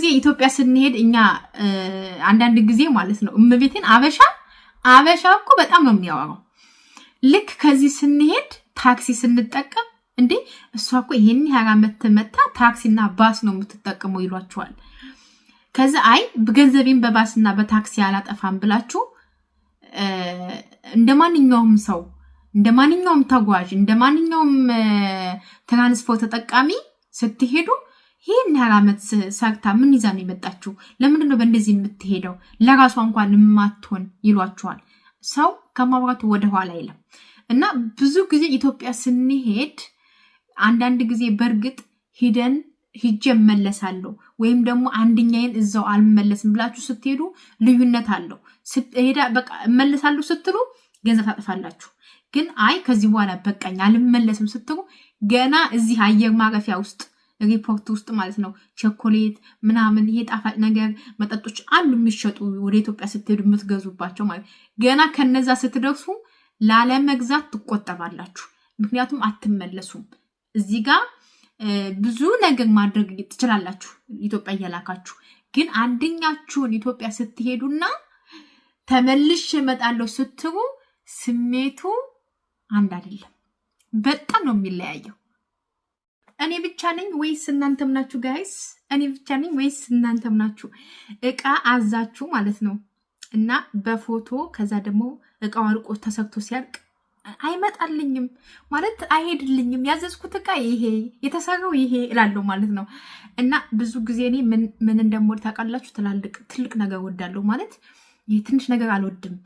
ጊዜ ኢትዮጵያ ስንሄድ እኛ አንዳንድ ጊዜ ማለት ነው እመቤቴን አበሻ አበሻ እኮ በጣም ነው የሚያወራው። ልክ ከዚህ ስንሄድ ታክሲ ስንጠቀም እንዴ እሷ እኮ ይሄን ያህል ዓመት መታ ታክሲና ባስ ነው የምትጠቀመው ይሏችኋል። ከዚ አይ ገንዘቤን በባስና በታክሲ አላጠፋም ብላችሁ እንደ ማንኛውም ሰው እንደ ማንኛውም ተጓዥ እንደ ማንኛውም ትራንስፖርት ተጠቃሚ ስትሄዱ ይህን ያህል ዓመት ሰግታ ምን ይዛ ነው የመጣችው? ለምንድን ነው በእንደዚህ የምትሄደው? ለራሷ እንኳን የማትሆን ይሏችኋል። ሰው ከማውራቱ ወደኋላ የለም እና ብዙ ጊዜ ኢትዮጵያ ስንሄድ አንዳንድ ጊዜ በእርግጥ ሂደን ሂጄ እመለሳለሁ ወይም ደግሞ አንድኛዬን እዛው አልመለስም ብላችሁ ስትሄዱ ልዩነት አለው። ሄዳ በቃ እመለሳለሁ ስትሉ ገንዘብ ታጥፋላችሁ። ግን አይ ከዚህ በኋላ በቃኝ አልመለስም ስትሉ ገና እዚህ አየር ማረፊያ ውስጥ ሪፖርት ውስጥ ማለት ነው። ቸኮሌት ምናምን ይሄ ጣፋጭ ነገር መጠጦች አሉ የሚሸጡ ወደ ኢትዮጵያ ስትሄዱ የምትገዙባቸው ማለት ገና ከነዛ ስትደርሱ ላለመግዛት ትቆጠባላችሁ። ምክንያቱም አትመለሱም። እዚህ ጋር ብዙ ነገር ማድረግ ትችላላችሁ ኢትዮጵያ እየላካችሁ ግን አንደኛችሁን ኢትዮጵያ ስትሄዱና ተመልሽ እመጣለሁ ስትሩ ስሜቱ አንድ አይደለም። በጣም ነው የሚለያየው። እኔ ብቻ ነኝ ወይስ እናንተም ናችሁ? ጋይስ እኔ ብቻ ነኝ ወይስ እናንተም ናችሁ? እቃ አዛችሁ ማለት ነው እና በፎቶ ከዛ ደግሞ እቃው አርቆ ተሰክቶ ሲያልቅ አይመጣልኝም ማለት አይሄድልኝም። ያዘዝኩት እቃ ይሄ የተሰራው ይሄ እላለሁ ማለት ነው። እና ብዙ ጊዜ እኔ ምን እንደምወድ ታውቃላችሁ? ትላልቅ ትልቅ ነገር ወዳለሁ ማለት የትንሽ ነገር አልወድም።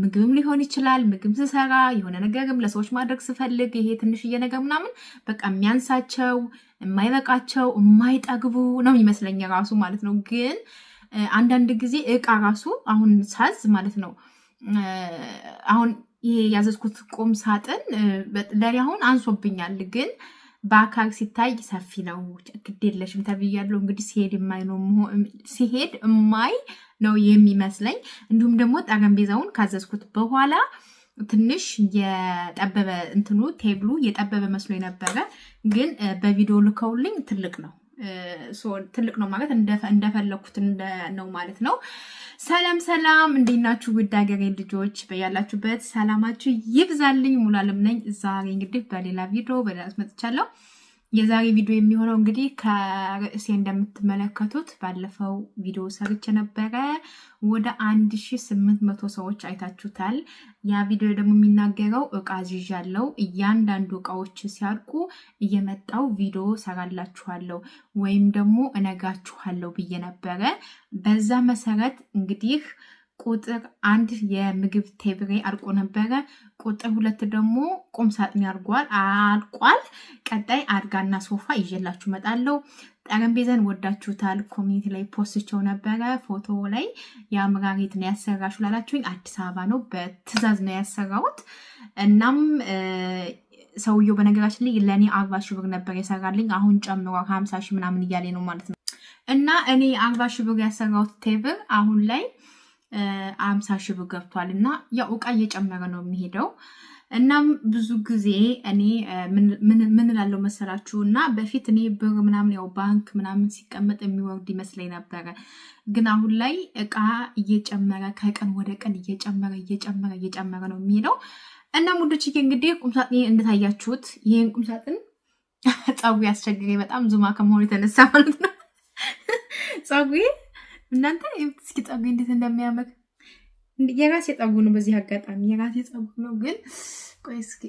ምግብም ሊሆን ይችላል። ምግብ ስሰራ የሆነ ነገርም ለሰዎች ማድረግ ስፈልግ ይሄ ትንሽዬ ነገር ምናምን በቃ የሚያንሳቸው የማይበቃቸው የማይጠግቡ ነው ይመስለኝ ራሱ ማለት ነው። ግን አንዳንድ ጊዜ እቃ ራሱ አሁን ሳዝ ማለት ነው አሁን ይሄ ያዘዝኩት ቁም ሳጥን ለኔ አሁን አንሶብኛል ግን በአካል ሲታይ ሰፊ ነው። ግድ የለሽም ተብያለሁ። እንግዲህ ሲሄድ የማይ ነው ሲሄድ የማይ ነው የሚመስለኝ። እንዲሁም ደግሞ ጠረጴዛውን ካዘዝኩት በኋላ ትንሽ የጠበበ እንትኑ ቴብሉ የጠበበ መስሎ የነበረ ግን በቪዲዮ ልከውልኝ ትልቅ ነው ትልቅ ነው ማለት እንደፈለግኩት ነው ማለት ነው። ሰላም ሰላም፣ እንዴት ናችሁ ውድ ሀገሬ ልጆች? በያላችሁበት ሰላማችሁ ይብዛልኝ። ሙሉዓለም ነኝ። ዛሬ እንግዲህ በሌላ ቪዲዮ በደንብ መጥቻለሁ። የዛሬ ቪዲዮ የሚሆነው እንግዲህ ከርዕሴ እንደምትመለከቱት ባለፈው ቪዲዮ ሰርች ነበረ። ወደ 1800 ሺ መቶ ሰዎች አይታችሁታል። ያ ቪዲዮ ደግሞ የሚናገረው እቃ ይዣለሁ፣ እያንዳንዱ እቃዎች ሲያልቁ እየመጣው ቪዲዮ ሰራላችኋለሁ ወይም ደግሞ እነግራችኋለሁ ብዬ ነበረ። በዛ መሰረት እንግዲህ ቁጥር አንድ የምግብ ቴብሬ አልቆ ነበረ። ቁጥር ሁለት ደግሞ ቁም ሳጥን ያርጓል አልቋል። ቀጣይ አድጋና ሶፋ ይዤላችሁ እመጣለሁ። ጠረጴዛን ወዳችሁታል፣ ኮሚኒቲ ላይ ፖስቸው ነበረ። ፎቶ ላይ የአምራሪት ነው ያሰራሹ ላላችሁኝ አዲስ አበባ ነው በትዕዛዝ ነው ያሰራሁት። እናም ሰውየው በነገራችን ላይ ለእኔ አርባ ሺህ ብር ነበር የሰራልኝ። አሁን ጨምሯል ሀምሳ ሺህ ምናምን እያሌ ነው ማለት ነው እና እኔ አርባ ሺህ ብር ያሰራሁት ቴብር አሁን ላይ አምሳ ሺህ ብር ገብቷል እና ያው እቃ እየጨመረ ነው የሚሄደው። እናም ብዙ ጊዜ እኔ ምን ላለው መሰላችሁ እና በፊት እኔ ብር ምናምን ያው ባንክ ምናምን ሲቀመጥ የሚወርድ ይመስለኝ ነበረ። ግን አሁን ላይ እቃ እየጨመረ ከቀን ወደ ቀን እየጨመረ እየጨመረ እየጨመረ ነው የሚሄደው። እና ሙዶችዬ እንግዲህ ቁምሳጥን እንደታያችሁት ይህን ቁምሳጥን ጸጉ አስቸግሬ በጣም ዙማ ከመሆኑ የተነሳ ማለት ነው ፀጉሬ እናንተ እስኪ ጸጉሬ እንዴት እንደሚያምር የራሴ ጸጉር ነው። በዚህ አጋጣሚ የራሴ ጸጉር ነው፣ ግን ቆይ እስኪ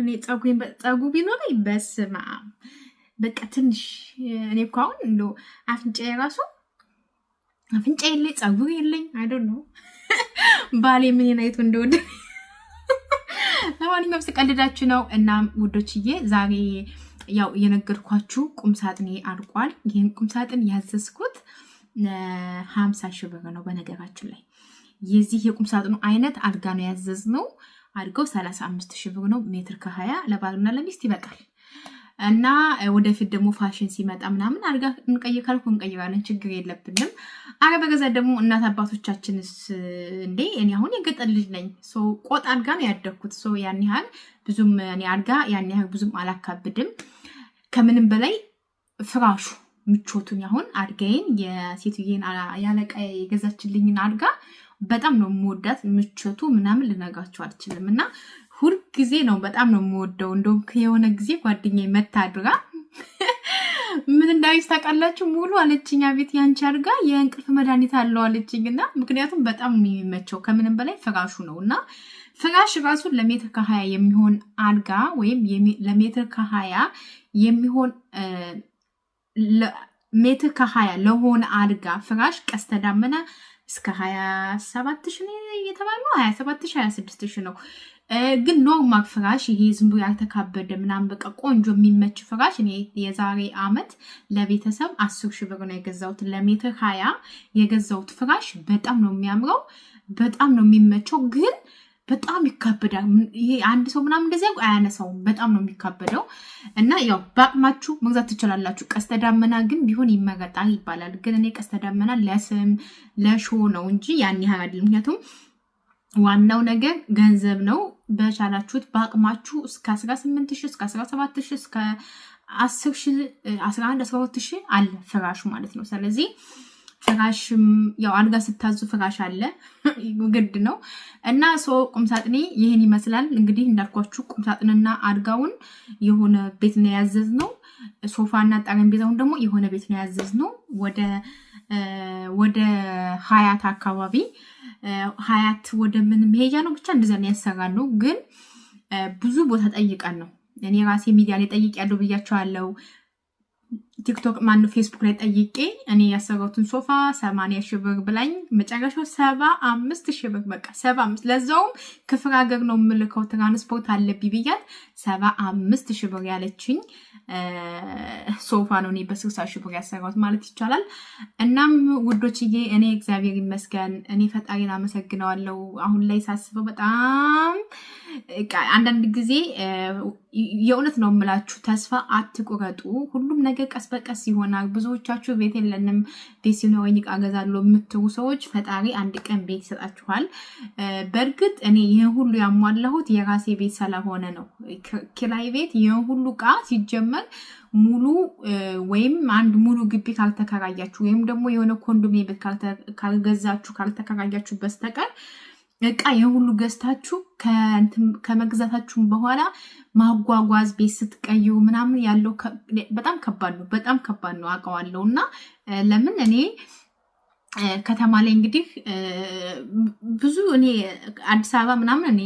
እኔ ጸጉ ቢኖረኝ በስማ በቃ ትንሽ እኔ እኮ አሁን እንደ አፍንጫ የራሱ አፍንጫ የለኝ ጸጉር የለኝ። አይዶ ነው ባሌ ምን አይቶ እንደወደ ለማንኛውም ስቀልዳችሁ ነው። እናም ውዶችዬ ዛሬ ያው የነገርኳችሁ ቁምሳጥን አልቋል። ይህን ቁምሳጥን ያዘዝኩት ሀምሳ ሺህ ብር ነው። በነገራችን ላይ የዚህ የቁምሳጥኑ አይነት አድጋ ነው ያዘዝነው። አድገው ሰላሳ አምስት ሺህ ብር ነው። ሜትር ከሀያ ለባልና ለሚስት ይበቃል። እና ወደፊት ደግሞ ፋሽን ሲመጣ ምናምን አድጋ እንቀይር ካልኩ እንቀይራለን፣ ችግር የለብንም። አረ በገዛ ደግሞ እናት አባቶቻችንስ እንዴ! እኔ አሁን የገጠር ልጅ ነኝ፣ ቆጥ አድጋ ነው ያደግኩት። ያን ያህል ብዙም አድጋ ያን ያህል ብዙም አላካብድም። ከምንም በላይ ፍራሹ ምቾቱን ያሁን አድጋዬን የሴትዬን ያለቀ የገዛችልኝን አድጋ በጣም ነው የምወዳት። ምቾቱ ምናምን ልነጋቸው አልችልም። እና ሁልጊዜ ነው በጣም ነው የምወደው። እንደውም የሆነ ጊዜ ጓደኛ መታድራ ምን እንዳዊስ ታውቃላችሁ? ሙሉ አለችኝ፣ አቤት ያንቺ አድጋ የእንቅልፍ መድኃኒት አለው አለችኝ። እና ምክንያቱም በጣም የሚመቸው ከምንም በላይ ፍራሹ ነው እና ፍራሽ ራሱ ለሜትር ከሀያ የሚሆን አልጋ ወይም ለሜትር ከሀያ የሚሆን ሜትር ከሀያ ለሆነ አልጋ ፍራሽ ቀስተ ዳመና እስከ ሀያ ሰባት ሺ የተባለው ሀያ ሰባት ሺ ሀያ ስድስት ሺ ነው። ግን ኖርማል ፍራሽ ይሄ ዝም ብሎ ያልተካበደ ምናምን በቃ ቆንጆ የሚመች ፍራሽ እኔ የዛሬ አመት ለቤተሰብ አስር ሺ ብር ነው የገዛሁት። ለሜትር ሀያ የገዛሁት ፍራሽ በጣም ነው የሚያምረው፣ በጣም ነው የሚመቸው ግን በጣም ይካበዳል። ይሄ አንድ ሰው ምናምን እንደዚያ አያነሳውም። በጣም ነው የሚካበደው። እና ያው በአቅማችሁ መግዛት ትችላላችሁ። ቀስተ ዳመና ግን ቢሆን ይመረጣል ይባላል። ግን እኔ ቀስተ ዳመና ለስም ለሾ ነው እንጂ ያን ያህል አይደል። ምክንያቱም ዋናው ነገር ገንዘብ ነው። በቻላችሁት በአቅማችሁ እስከ 18 ሺ እስከ 17 ሺ እስከ 10 ሺህ 11 12 ሺ አለ ፍራሹ ማለት ነው። ስለዚህ ፍራሽም ያው አልጋ ስታዙ ፍራሽ አለ ግድ ነው እና ሰው ቁምሳጥኔ ይህን ይመስላል። እንግዲህ እንዳልኳችሁ ቁምሳጥንና አልጋውን የሆነ ቤት ነው ያዘዝ ነው። ሶፋና ጠረጴዛውን ደግሞ የሆነ ቤት ነው ያዘዝ ነው። ወደ ሀያት አካባቢ ሀያት ወደ ምን መሄጃ ነው ብቻ እንደዛ ነው ያሰራ ነው። ግን ብዙ ቦታ ጠይቀን ነው እኔ ራሴ ሚዲያ ላይ ጠይቅ ያለው ብያቸዋለው ቲክቶክ ማነው ፌስቡክ ላይ ጠይቄ እኔ ያሰራሁትን ሶፋ ሰማንያ ሺህ ብር ብላኝ መጨረሻው ሰባ አምስት ሺህ ብር በቃ ሰባ አምስት ለዛውም ክፍለ ሀገር ነው የምልከው ትራንስፖርት አለብኝ ብያት ሰባ አምስት ሺህ ብር ያለችኝ ሶፋ ነው እኔ በስልሳ ሺህ ብር ያሰራሁት ማለት ይቻላል። እናም ውዶችዬ እኔ እግዚአብሔር ይመስገን እኔ ፈጣሪን አመሰግነዋለሁ። አሁን ላይ ሳስበው በጣም አንዳንድ ጊዜ የእውነት ነው የምላችሁ ተስፋ አትቁረጡ። ሁሉም ነገር ቀስ ቀስ በቀስ ይሆናል። ብዙዎቻችሁ ቤት የለንም ቤት ሲኖረኝ ዕቃ እገዛለሁ የምትሉ ሰዎች ፈጣሪ አንድ ቀን ቤት ይሰጣችኋል። በእርግጥ እኔ ይህን ሁሉ ያሟላሁት የራሴ ቤት ስለሆነ ነው። ኪራይ ቤት ይህን ሁሉ ዕቃ ሲጀመር ሙሉ ወይም አንድ ሙሉ ግቢ ካልተከራያችሁ ወይም ደግሞ የሆነ ኮንዶሚኒየም ቤት ካልገዛችሁ ካልተከራያችሁ በስተቀር እቃ የሁሉ ገዝታችሁ ከመግዛታችሁም በኋላ ማጓጓዝ ቤት ስትቀይሩ ምናምን ያለው በጣም ከባድ ነው። በጣም ከባድ ነው አውቀዋለሁ። እና ለምን እኔ ከተማ ላይ እንግዲህ ብዙ እኔ አዲስ አበባ ምናምን እኔ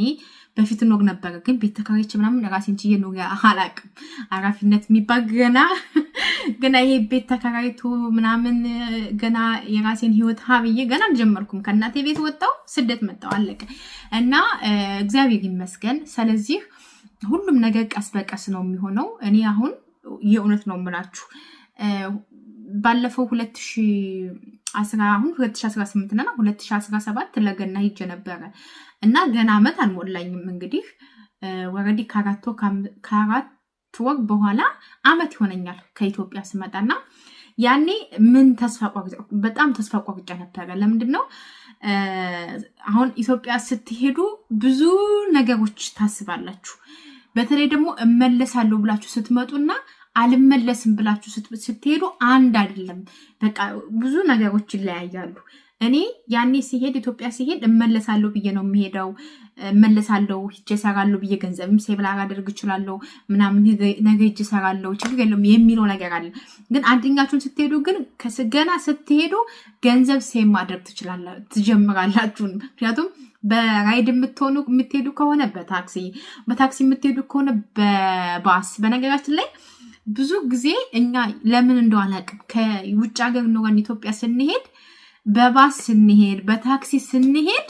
በፊት ኖግ ነበረ፣ ግን ቤት ተከራይቼ ምናምን ራሴን ችዬ ኖሬ አላቅም። አራፊነት የሚባል ገና ገና ይሄ ቤት ተከራይቶ ምናምን ገና የራሴን ህይወት ሀብዬ ገና አልጀመርኩም። ከእናቴ ቤት ወጣው ስደት መጣው አለቀ እና እግዚአብሔር ይመስገን። ስለዚህ ሁሉም ነገር ቀስ በቀስ ነው የሚሆነው። እኔ አሁን የእውነት ነው የምላችሁ ባለፈው ሁለት ሺህ አሁን 2018 እና 2017 ለገና ሂጅ ነበረ እና ገና አመት አልሞላኝም። እንግዲህ ወረዲ ከአራት ወር በኋላ አመት ይሆነኛል ከኢትዮጵያ ስመጣና ያኔ ምን ተስፋ በጣም ተስፋ ቆርጬ ነበረ። ለምንድን ነው አሁን ኢትዮጵያ ስትሄዱ ብዙ ነገሮች ታስባላችሁ። በተለይ ደግሞ እመለሳለሁ ብላችሁ ስትመጡና አልመለስም ብላችሁ ስትሄዱ አንድ አይደለም። በቃ ብዙ ነገሮች ይለያያሉ። እኔ ያኔ ሲሄድ ኢትዮጵያ ሲሄድ እመለሳለሁ ብዬ ነው የሚሄደው። እመለሳለሁ ሂጄ እሰራለሁ ብዬ ገንዘብም ሴብል አደርግ እችላለሁ ምናምን ነገ ሂጄ እሰራለሁ ችግር የለውም የሚለው ነገር አለ። ግን አንደኛችሁን ስትሄዱ ግን ከስገና ስትሄዱ ገንዘብ ሴብ ማድረግ ትጀምራላችሁ። ምክንያቱም በራይድ የምትሆኑ የምትሄዱ ከሆነ በታክሲ በታክሲ የምትሄዱ ከሆነ በባስ በነገራችን ላይ ብዙ ጊዜ እኛ ለምን እንደው አላውቅም ከውጭ ሀገር ኖረን ኢትዮጵያ ስንሄድ በባስ ስንሄድ በታክሲ ስንሄድ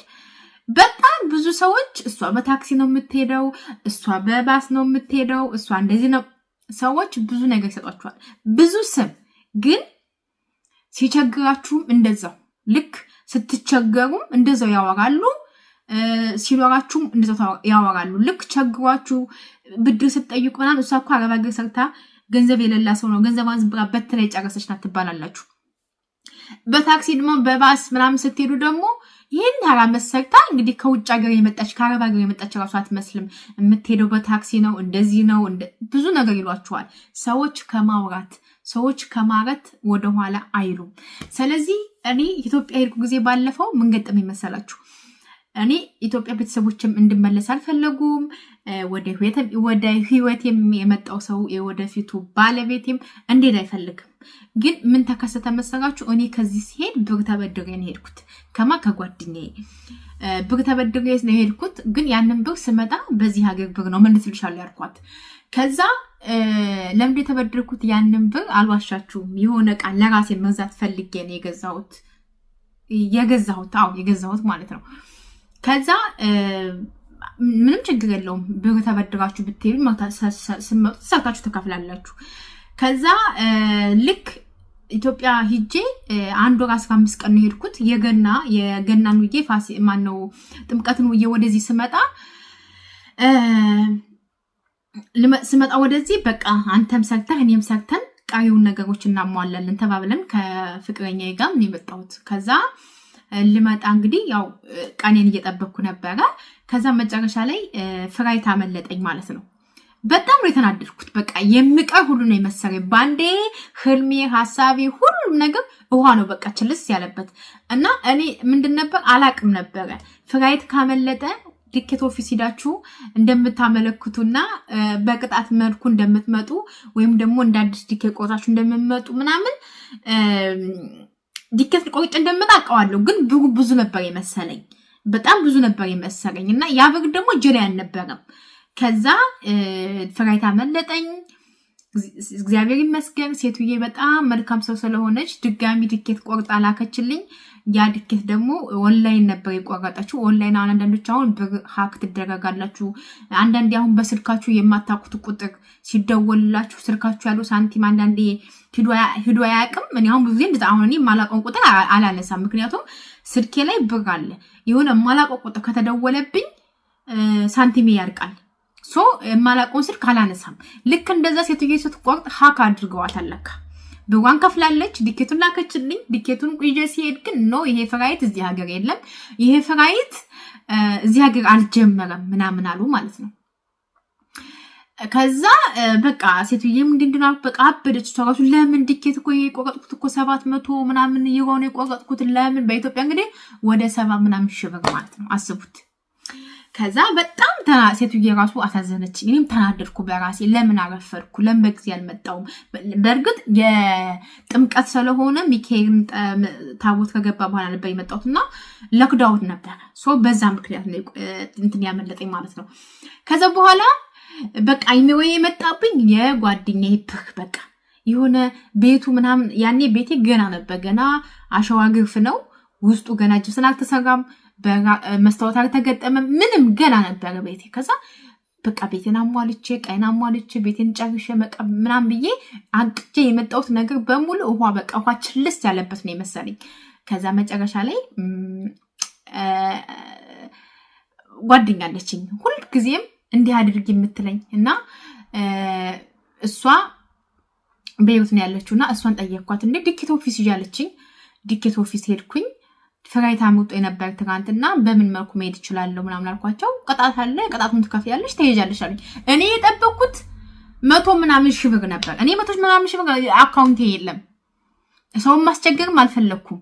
በጣም ብዙ ሰዎች እሷ በታክሲ ነው የምትሄደው፣ እሷ በባስ ነው የምትሄደው፣ እሷ እንደዚህ ነው። ሰዎች ብዙ ነገር ይሰጧቸዋል፣ ብዙ ስም። ግን ሲቸግራችሁም እንደዛው ልክ ስትቸገሩም እንደዛው ያወራሉ፣ ሲኖራችሁም እንደዛው ያወራሉ። ልክ ቸግሯችሁ ብድር ስትጠይቁ ምናምን እሷ እኮ አረብ ሀገር ሰርታ ገንዘብ የሌላ ሰው ነው ገንዘብ አንዝብራ በተለይ የጨረሰች ናት ትባላላችሁ። በታክሲ ደግሞ በባስ ምናምን ስትሄዱ ደግሞ ይህን ያላመት ሰርታ እንግዲህ ከውጭ ሀገር የመጣች ከአረብ ሀገር የመጣች ራሱ አትመስልም። የምትሄደው በታክሲ ነው፣ እንደዚህ ነው፣ ብዙ ነገር ይሏችኋል። ሰዎች ከማውራት ሰዎች ከማረት ወደኋላ አይሉ። ስለዚህ እኔ ኢትዮጵያ ሄድኩ ጊዜ ባለፈው ምን ገጠመኝ መሰላችሁ? እኔ ኢትዮጵያ ቤተሰቦችም እንድመለስ አልፈለጉም። ወደ ህይወት የመጣው ሰው የወደፊቱ ባለቤቴም እንዴት አይፈልግም። ግን ምን ተከሰተ መሰጋችሁ? እኔ ከዚህ ሲሄድ ብር ተበድሬ ነው የሄድኩት። ከማ ከጓደኛዬ ብር ተበድሬ ነው የሄድኩት። ግን ያንን ብር ስመጣ በዚህ ሀገር ብር ነው መልስልሻለሁ ያልኳት። ከዛ ለምንድ የተበደርኩት ያንን ብር አልዋሻችሁም፣ የሆነ ቃል ለራሴ መግዛት ፈልጌ ነው የገዛሁት የገዛሁት አዎ የገዛሁት ማለት ነው ከዛ ምንም ችግር የለውም። ብር ተበድራችሁ ብትሄዱ ስትመጡ ሰርታችሁ ተከፍላላችሁ። ከዛ ልክ ኢትዮጵያ ሂጄ አንድ ወር አስራ አምስት ቀን ነው የሄድኩት። የገና የገናን ውዬ ፋሲ ማነው ጥምቀትን ውዬ ወደዚህ ስመጣ ስመጣ ወደዚህ በቃ አንተም ሰርተህ እኔም ሰርተን ቀሪውን ነገሮች እናሟላለን ተባብለን ከፍቅረኛ ጋር ነው የመጣሁት ከዛ ልመጣ እንግዲህ ያው ቀኔን እየጠበኩ ነበረ። ከዛ መጨረሻ ላይ ፍራይት አመለጠኝ ማለት ነው። በጣም ነው የተናደድኩት። በቃ የምቀር ሁሉ ነው የመሰለኝ። ባንዴ ህልሜ፣ ሀሳቤ፣ ሁሉም ነገር ውሃ ነው በቃ ችልስ ያለበት እና እኔ ምንድን ነበር አላቅም ነበረ ፍራይት ካመለጠ ቲኬት ኦፊስ ሂዳችሁ እንደምታመለክቱና በቅጣት መልኩ እንደምትመጡ ወይም ደግሞ እንደ አዲስ ቲኬት ቆርጣችሁ እንደምትመጡ ምናምን ዲኬት ቆይጭ እንደምመጣ አውቀዋለሁ፣ ግን ብዙ ነበር የመሰለኝ። በጣም ብዙ ነበር የመሰለኝ እና ያ ብር ደግሞ ጀላ አልነበረም። ከዛ ፍራይታ መለጠኝ። እግዚአብሔር ይመስገን ሴትዬ በጣም መልካም ሰው ስለሆነች ድጋሚ ድኬት ቆርጣ ላከችልኝ። ያ ድኬት ደግሞ ኦንላይን ነበር የቆረጠችው። ኦንላይን አሁን አንዳንዶች አሁን ብር ሀክ ትደረጋላችሁ። አንዳንዴ አሁን በስልካችሁ የማታውቁት ቁጥር ሲደወልላችሁ ስልካችሁ ያለው ሳንቲም አንዳንዴ ሂዶ አያውቅም። እኔ አሁን ብዙ ጊዜ አሁን እኔ የማላውቀውን ቁጥር አላነሳም፣ ምክንያቱም ስልኬ ላይ ብር አለ። የሆነ የማላውቀው ቁጥር ከተደወለብኝ ሳንቲሜ ያርቃል። ሶ የማላውቀውን ስልክ አላነሳም። ልክ እንደዛ ሴትዮ ስትቆርጥ ሀክ አድርገዋት አለካ ብሯን ከፍላለች። ዲኬቱን ላከችልኝ። ዲኬቱን ቁጀ ሲሄድ ግን ኖ ይሄ ፍራይት እዚህ ሀገር የለም፣ ይሄ ፍራይት እዚህ ሀገር አልጀመረም ምናምን አሉ ማለት ነው። ከዛ በቃ ሴትዬ ምንድንድና በቃ አበደች። ተራሱ ለምን ዲኬት እኮ የቆረጥኩት እኮ ሰባት መቶ ምናምን የሆነ የቆረጥኩት ለምን በኢትዮጵያ እንግዲህ ወደ ሰባ ምናምን ሽብር ማለት ነው አስቡት። ከዛ በጣም በጣም ሴትዬ ራሱ አሳዘነች። እኔም ተናደድኩ በራሴ ለምን አረፈድኩ? ለምን በጊዜ አልመጣውም? በእርግጥ የጥምቀት ስለሆነ ሚካኤልም ታቦት ከገባ በኋላ ነበር የመጣሁት እና ለክዳውት ነበር። በዛ ምክንያት እንትን ያመለጠኝ ማለት ነው። ከዛ በኋላ በቃ የሚወ የመጣብኝ የጓደኛ ይብህ በቃ የሆነ ቤቱ ምናምን ያኔ ቤቴ ገና ነበር። ገና አሸዋ ግርፍ ነው ውስጡ ገና ጅብስን አልተሰራም። መስታወት አልተገጠመ ምንም ገና ነበረ ቤቴ። ከዛ በቃ ቤቴን አሟልቼ ቀይን አሟልቼ ቤቴን ጨርሼ ምናም ብዬ አቅጄ የመጣሁት ነገር በሙሉ ውሃ በቃ ውሃ ችልስ ያለበት ነው የመሰለኝ። ከዛ መጨረሻ ላይ ጓደኛለችኝ አለችኝ ሁልጊዜም እንዲህ አድርግ የምትለኝ እና እሷ በህይወት ነው ያለችው እና እሷን ጠየኳት። እንደ ዲኬት ኦፊስ እያለችኝ ዲኬት ኦፊስ ሄድኩኝ። ፍራይታ ሙጦ የነበር ትናንትና በምን መልኩ መሄድ እችላለሁ ምናምን አልኳቸው። ቅጣት አለ፣ ቅጣቱን ትከፍያለሽ፣ ትሄጃለሽ አሉኝ። እኔ የጠበቅኩት መቶ ምናምን ሺህ ብር ነበር። እኔ መቶ ምናምን ሺህ ብር አካውንቴ የለም። ሰውን ማስቸገርም አልፈለግኩም።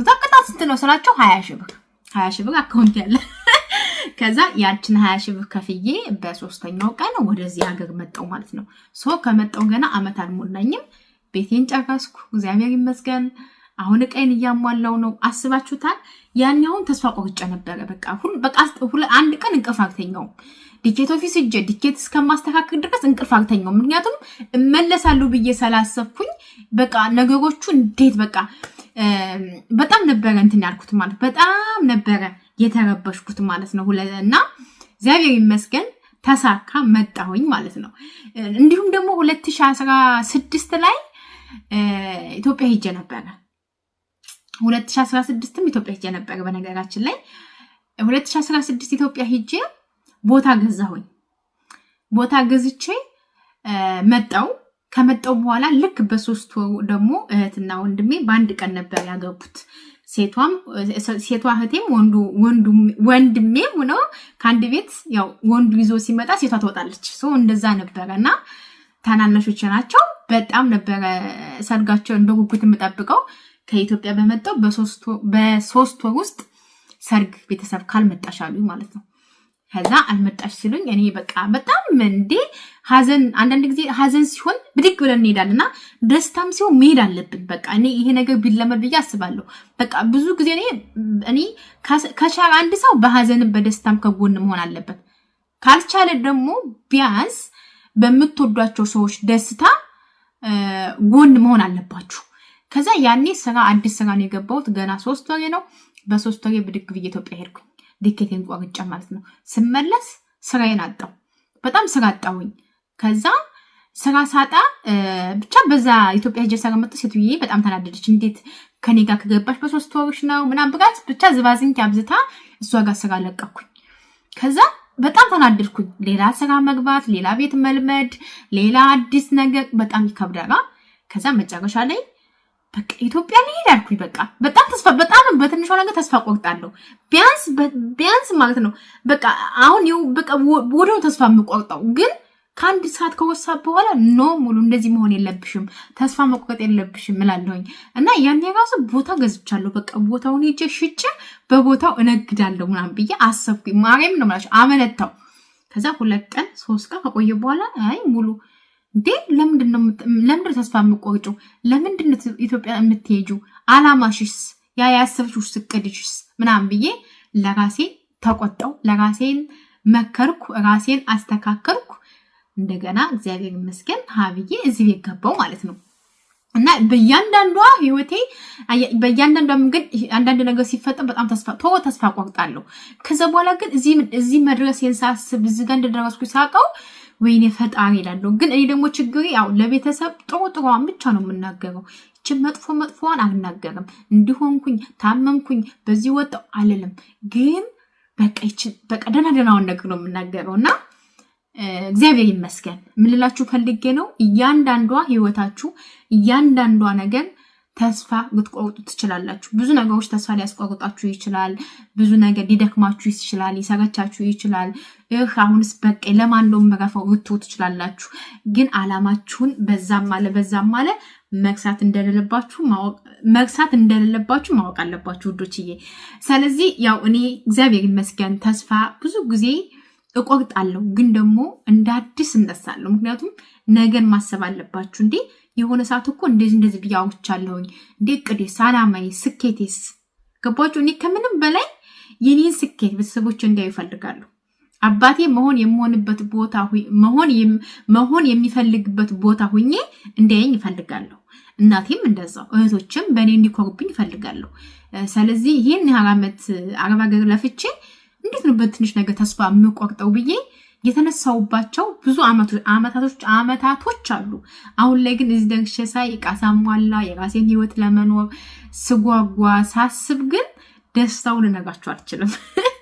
እዛ ቅጣት ስንት ነው ስላቸው፣ ሀያ ሺህ ብር ሀያ ሺህ ብር አካውንት ያለ ከዛ ያችን ሀያ ሺህ ብር ከፍዬ በሶስተኛው ቀን ወደዚህ ሀገር መጣው ማለት ነው። ሶ ከመጣሁ ገና አመት አልሞላኝም። ቤቴን ጨረስኩ። እግዚአብሔር ይመስገን። አሁን ቀይን እያሟላው ነው። አስባችሁታል? ያን አሁን ተስፋ ቆርጬ ነበረ። በቃ አንድ ቀን እንቅልፍ አልተኛውም። ዲኬት ኦፊስ እጄ ዲኬት እስከማስተካከል ድረስ እንቅልፍ አልተኛውም። ምክንያቱም እመለሳሉ ብዬ ስላሰብኩኝ በቃ ነገሮቹ እንዴት በቃ በጣም ነበረ እንትን ያልኩት ማለት በጣም ነበረ የተረበሽኩት ማለት ነው። እና እግዚአብሔር ይመስገን ተሳካ መጣሁኝ ማለት ነው። እንዲሁም ደግሞ 2016 ላይ ኢትዮጵያ ሄጄ ነበረ 2016ም ኢትዮጵያ ሄጄ ነበር። በነገራችን ላይ 2016 ኢትዮጵያ ሄጄ ቦታ ገዛሁኝ። ቦታ ገዝቼ መጣው ከመጣው በኋላ ልክ በሶስት ወሩ ደግሞ እህትና ወንድሜ በአንድ ቀን ነበር ያገቡት። ሴቷ እህቴም ወንድሜም ሆነው ከአንድ ቤት ያው ወንዱ ይዞ ሲመጣ ሴቷ ትወጣለች። እንደዛ ነበረ እና ታናናሾች ናቸው። በጣም ነበረ ሰርጋቸው በጉጉት የምጠብቀው ከኢትዮጵያ በመጣው በሶስት ወር ውስጥ ሰርግ ቤተሰብ ካልመጣሽ አሉኝ ማለት ነው። ከዛ አልመጣሽ ሲሉኝ እኔ በቃ በጣም እንዴ ሀዘን አንዳንድ ጊዜ ሀዘን ሲሆን ብድግ ብለን እንሄዳለን እና ደስታም ሲሆን መሄድ አለብን። በቃ እኔ ይሄ ነገር ቢለመድ ብዬ አስባለሁ። በቃ ብዙ ጊዜ እኔ እኔ ከቻለ አንድ ሰው በሀዘንም በደስታም ከጎን መሆን አለበት። ካልቻለ ደግሞ ቢያንስ በምትወዷቸው ሰዎች ደስታ ጎን መሆን አለባችሁ። ከዛ ያኔ ስራ አዲስ ስራ ነው የገባሁት። ገና ሶስት ወሬ ነው። በሶስት ወሬ ብድግ ብዬ ኢትዮጵያ ሄድኩኝ። ዲኬቴን ቆርጬ ማለት ነው። ስመለስ ስራዬን አጣው። በጣም ስራ አጣውኝ። ከዛ ስራ ሳጣ ብቻ በዛ ኢትዮጵያ ሄጄ ስራ መጥቶ ሴትዬ በጣም ተናደደች። እንዴት ከኔ ጋር ከገባሽ በሶስት ወሮች ነው ምናም ብቃት ብቻ ዝባዝንኪ አብዝታ እሷ ጋር ስራ ለቀኩኝ። ከዛ በጣም ተናደድኩኝ። ሌላ ስራ መግባት፣ ሌላ ቤት መልመድ፣ ሌላ አዲስ ነገር በጣም ይከብዳራ። ከዛ መጨረሻ ላይ በቃ ኢትዮጵያ ሊሄድ አልኩኝ። በቃ በጣም ተስፋ በጣም በትንሿ ነገር ተስፋ ቆርጣለሁ። ቢያንስ ቢያንስ ማለት ነው በቃ አሁን ይኸው በቃ ወደው ተስፋ የምቆርጠው ግን ከአንድ ሰዓት ከወሳ በኋላ ኖ ሙሉ እንደዚህ መሆን የለብሽም ተስፋ መቁረጥ የለብሽም እላለሁኝ። እና ያን የራሱ ቦታ ገዝቻለሁ። በቃ ቦታውን ሄጄ ሽጬ በቦታው እነግዳለሁ ምናምን ብዬ አሰብኩኝ። ማርያም ነው የምላቸው። አመነታው ከዛ ሁለት ቀን ሶስት ቀን ከቆየ በኋላ አይ ሙሉ እንዴ ለምንድን ተስፋ የምቆጩ? ለምንድን ኢትዮጵያ የምትሄጁ? አላማሽስ ያ ያሰብሽስ እቅድሽስ ምናምን ብዬ ለራሴ ተቆጠው ለራሴን መከርኩ፣ ራሴን አስተካከልኩ። እንደገና እግዚአብሔር ይመስገን ሀብዬ እዚህ ቤት ገባው ማለት ነው። እና በእያንዳንዷ ህይወቴ በእያንዳንዷ መንገድ አንዳንድ ነገር ሲፈጠር በጣም ተስፋ ቶሎ ተስፋ ቆርጣለሁ። ከዛ በኋላ ግን እዚህ መድረስ ሳስብ እዚህ ጋር እንደደረስኩ ሳውቀው ወይኔ ፈጣሪ እላለሁ። ግን እኔ ደግሞ ችግሬ ያው ለቤተሰብ ጥሩ ጥሩዋን ብቻ ነው የምናገረው። ይች መጥፎ መጥፎዋን አልናገርም። እንዲሆንኩኝ ታመምኩኝ፣ በዚህ ወጣው አልልም። ግን በቃ ደህና ደህናውን ነገር ነው የምናገረው እና እግዚአብሔር ይመስገን የምልላችሁ ፈልጌ ነው። እያንዳንዷ ህይወታችሁ እያንዳንዷ ነገር ተስፋ ልትቆርጡ ትችላላችሁ። ብዙ ነገሮች ተስፋ ሊያስቆርጣችሁ ይችላል። ብዙ ነገር ሊደክማችሁ ይችላል። ሊሰረቻችሁ ይችላል። ይህ አሁንስ በቃ ለማን ነው የምረፈው ልትሉ ትችላላችሁ። ግን አላማችሁን በዛም አለ በዛም አለ መርሳት እንደሌለባችሁ መርሳት እንደሌለባችሁ ማወቅ አለባችሁ ውዶችዬ። ስለዚህ ያው እኔ እግዚአብሔር ይመስገን ተስፋ ብዙ ጊዜ እቆግጣለሁ፣ ግን ደግሞ እንደ አዲስ እነሳለሁ። ምክንያቱም ነገን ማሰብ አለባችሁ። እንዴ የሆነ ሰዓት እኮ እንደዚህ እንደዚህ ብዬ አውርቻለሁኝ። እንዴ እቅዴ፣ ሰላማዊ ስኬቴስ ገባችሁ? እኔ ከምንም በላይ የኔን ስኬት ቤተሰቦች እንዲያዩ ይፈልጋሉ። አባቴ መሆን የምሆንበት ቦታ መሆን የሚፈልግበት ቦታ ሁኜ እንዲያየኝ ይፈልጋለሁ። እናቴም እንደዛው፣ እህቶችም በእኔ እንዲኮሩብኝ ይፈልጋለሁ። ስለዚህ ይህን ያህል ዓመት አረብ ሀገር ለፍቼ እንዴት ነው በትንሽ ነገር ተስፋ የምቆርጠው ብዬ የተነሳውባቸው ብዙ አመታቶች አመታቶች አሉ። አሁን ላይ ግን እዚህ ደርሼ ሳይ ዕቃ ሳሟላ የራሴን ህይወት ለመኖር ስጓጓ ሳስብ ግን ደስታውን ልነግራችሁ አልችልም።